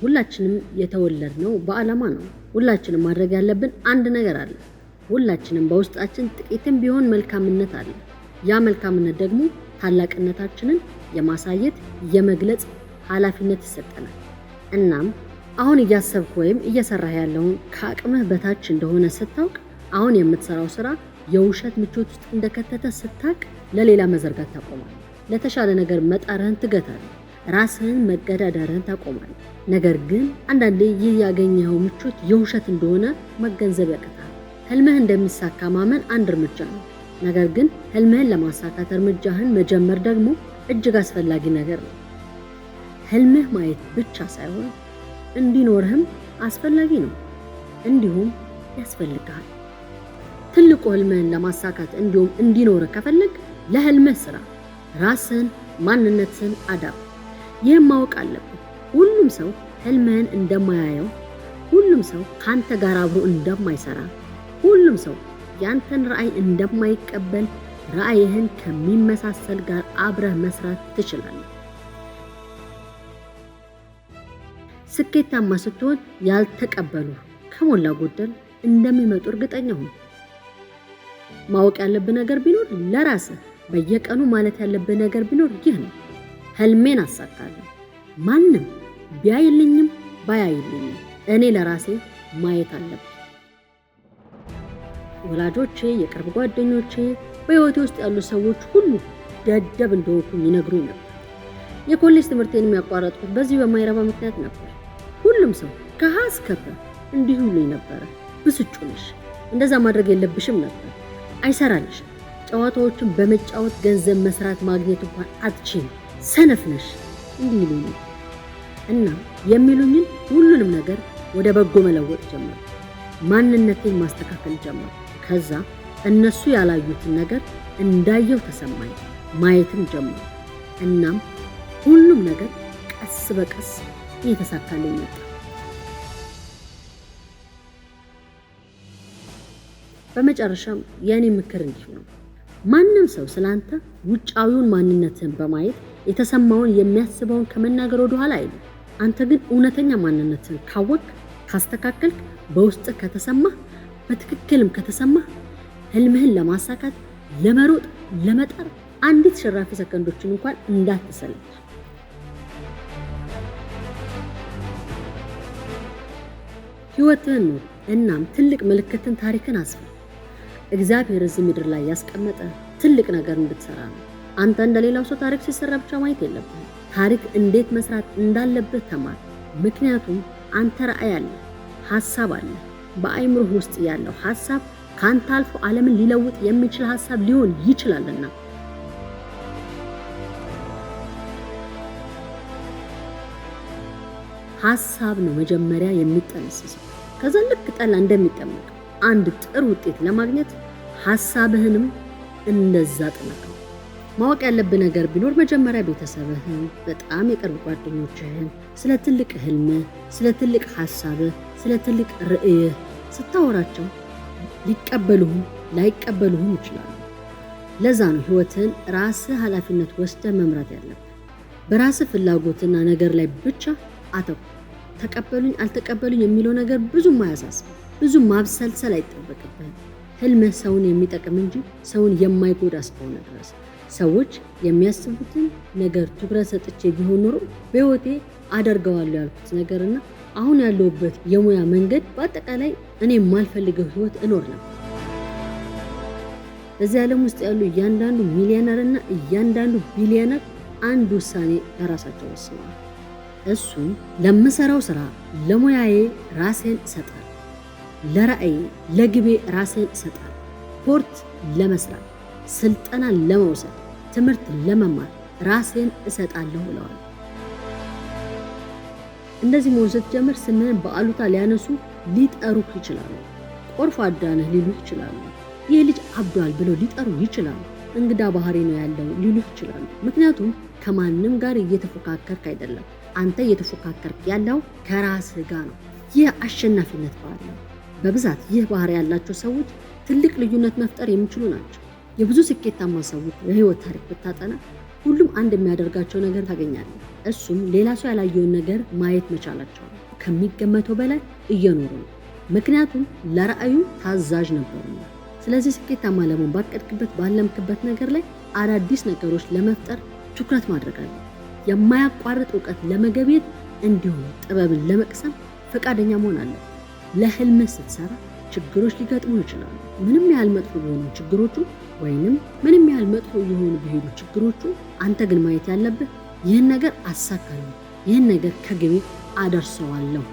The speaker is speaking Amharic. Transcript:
ሁላችንም የተወለድነው በዓላማ ነው። ሁላችንም ማድረግ ያለብን አንድ ነገር አለ። ሁላችንም በውስጣችን ጥቂትም ቢሆን መልካምነት አለ። ያ መልካምነት ደግሞ ታላቅነታችንን የማሳየት የመግለጽ ኃላፊነት ይሰጠናል። እናም አሁን እያሰብክ ወይም እየሰራህ ያለውን ከአቅምህ በታች እንደሆነ ስታውቅ፣ አሁን የምትሰራው ስራ የውሸት ምቾት ውስጥ እንደከተተ ስታውቅ፣ ለሌላ መዘርጋት ታቆማል። ለተሻለ ነገር መጣርህን ትገታለህ። ራስህን መገዳደርን ታቆማል። ነገር ግን አንዳንዴ ይህ ያገኘኸው ምቾት የውሸት እንደሆነ መገንዘብ ያቀታል። ህልምህ እንደሚሳካ ማመን አንድ እርምጃ ነው። ነገር ግን ህልምህን ለማሳካት እርምጃህን መጀመር ደግሞ እጅግ አስፈላጊ ነገር ነው። ህልምህ ማየት ብቻ ሳይሆን እንዲኖርህም አስፈላጊ ነው፣ እንዲሁም ያስፈልግሃል። ትልቁ ህልምህን ለማሳካት እንዲሁም እንዲኖርህ ከፈለግ ለህልምህ ስራ ራስህን፣ ማንነትህን አዳብ ይህም ማወቅ አለብን። ሁሉም ሰው ህልምህን እንደማያየው፣ ሁሉም ሰው ካንተ ጋር አብሮ እንደማይሰራ፣ ሁሉም ሰው ያንተን ራዕይ እንደማይቀበል፣ ራዕይህን ከሚመሳሰል ጋር አብረህ መስራት ትችላለህ። ስኬታማ ስትሆን ያልተቀበሉ ከሞላ ጎደል እንደሚመጡ እርግጠኛ ሁን። ማወቅ ያለብህ ነገር ቢኖር ለራስህ በየቀኑ ማለት ያለብህ ነገር ቢኖር ይህ ነው። ህልሜን አሳካለሁ። ማንም ቢያይልኝም ባያይልኝም እኔ ለራሴ ማየት አለብኝ። ወላጆቼ፣ የቅርብ ጓደኞቼ፣ በህይወቴ ውስጥ ያሉ ሰዎች ሁሉ ደደብ እንደሆንኩኝ ይነግሩኝ ነበር። የኮሌጅ ትምህርቴን የሚያቋረጥኩት በዚህ በማይረባ ምክንያት ነበር። ሁሉም ሰው ከሀ እስከ ፐ እንዲሁ ይሉኝ ነበረ። ብስጩ ነሽ፣ እንደዛ ማድረግ የለብሽም ነበር፣ አይሰራልሽም፣ ጨዋታዎችን በመጫወት ገንዘብ መስራት ማግኘት እንኳን አትችይም ሰነፍ ነሽ እንዲህ ይሉኝ እና የሚሉኝን ሁሉንም ነገር ወደ በጎ መለወጥ ጀመር። ማንነቴን ማስተካከል ጀመር። ከዛ እነሱ ያላዩትን ነገር እንዳየው ተሰማኝ። ማየትም ጀመር። እናም ሁሉም ነገር ቀስ በቀስ እየተሳካልኝ መጣ። በመጨረሻም የእኔ ምክር እንዲሁ ነው። ማንም ሰው ስላንተ ውጫዊውን ማንነትህን በማየት የተሰማውን የሚያስበውን ከመናገር ወደኋላ አይልም። አንተ ግን እውነተኛ ማንነትህን ካወቅ፣ ካስተካከልክ፣ በውስጥ ከተሰማህ፣ በትክክልም ከተሰማህ ህልምህን ለማሳካት ለመሮጥ፣ ለመጣር አንዲት ሽራፊ ሰከንዶችን እንኳን እንዳትሰለች። ህይወትህን ኑር። እናም ትልቅ ምልክትን፣ ታሪክን አስፈ እግዚአብሔር እዚህ ምድር ላይ ያስቀመጠ ትልቅ ነገር እንድትሰራ ነው። አንተ እንደሌላው ሰው ታሪክ ሲሰራ ብቻ ማየት የለብህም። ታሪክ እንዴት መስራት እንዳለብህ ተማር። ምክንያቱም አንተ ራዕይ አለ፣ ሀሳብ አለ። በአይምሮህ ውስጥ ያለው ሀሳብ ከአንተ አልፎ ዓለምን ሊለውጥ የሚችል ሀሳብ ሊሆን ይችላልና። ሀሳብ ነው መጀመሪያ የሚጠነስሰው፣ ከዛ ልክ ጠላ እንደሚጠመቅ አንድ ጥሩ ውጤት ለማግኘት ሀሳብህንም እንደዛ ጠናክረው። ማወቅ ያለብህ ነገር ቢኖር መጀመሪያ ቤተሰብህን፣ በጣም የቅርብ ጓደኞችህን ስለ ትልቅ ህልምህ፣ ስለ ትልቅ ሀሳብህ፣ ስለ ትልቅ ርዕይህ ስታወራቸው ሊቀበሉህም ላይቀበሉህም ይችላሉ። ለዛ ነው ህይወትን ራስህ ኃላፊነት ወስደህ መምራት ያለብህ። በራስህ ፍላጎትና ነገር ላይ ብቻ አተኩ። ተቀበሉኝ አልተቀበሉኝ የሚለው ነገር ብዙም አያሳስብም። ብዙ ማብሰልሰል አይጠበቅብህም። ህልምህ ሰውን የሚጠቅም እንጂ ሰውን የማይጎዳ እስከሆነ ድረስ ሰዎች የሚያስቡትን ነገር ትኩረት ሰጥቼ ቢሆን ኖሮ በህይወቴ አደርገዋለሁ ያልኩት ነገርና አሁን ያለሁበት የሙያ መንገድ በአጠቃላይ እኔ የማልፈልገው ህይወት እኖር ነበር። በዚህ ዓለም ውስጥ ያሉ እያንዳንዱ ሚሊዮነር እና እያንዳንዱ ቢሊዮነር አንድ ውሳኔ ለራሳቸው ወስነዋል። እሱም ለምሰራው ስራ ለሙያዬ ራሴን እሰጣለሁ። ለራእይ ለግቤ ራሴን እሰጣለሁ። ስፖርት ለመስራት፣ ስልጠና ለመውሰድ፣ ትምህርት ለመማር ራሴን እሰጣለሁ ብለዋል። እንደዚህ መሆን ስትጀምር ስምህን በአሉታ ሊያነሱ ሊጠሩህ ይችላሉ። ቆርፋዳ ነህ ሊሉህ ይችላሉ። ይህ ልጅ አብዷል ብለው ሊጠሩ ይችላሉ። እንግዳ ባህሪ ነው ያለው ሊሉህ ይችላሉ። ምክንያቱም ከማንም ጋር እየተፎካከርክ አይደለም። አንተ እየተፎካከርክ ያለው ከራስህ ጋር ነው። ይህ አሸናፊነት ባህል ነው። በብዛት ይህ ባህሪ ያላቸው ሰዎች ትልቅ ልዩነት መፍጠር የሚችሉ ናቸው። የብዙ ስኬታማ ሰዎች የህይወት ታሪክ ብታጠና ሁሉም አንድ የሚያደርጋቸው ነገር ታገኛለ። እሱም ሌላ ሰው ያላየውን ነገር ማየት መቻላቸው ነው። ከሚገመተው በላይ እየኖሩ ነው፣ ምክንያቱም ለራዕዩ ታዛዥ ነበሩና። ስለዚህ ስኬታማ ለመሆን ባቀድክበት ባለምክበት ነገር ላይ አዳዲስ ነገሮች ለመፍጠር ትኩረት ማድረግ አለ። የማያቋርጥ እውቀት ለመገብየት እንዲሁም ጥበብን ለመቅሰም ፈቃደኛ መሆን አለ። ለህልም ስትሰራ ችግሮች ሊገጥሙ ይችላሉ። ምንም ያህል መጥፎ የሆኑ ችግሮቹ ወይንም ምንም ያህል መጥፎ የሆኑ ቢሄዱ ችግሮቹ፣ አንተ ግን ማየት ያለብህ ይህን ነገር አሳካለሁ፣ ይህን ነገር ከግቤ አደርሰዋለሁ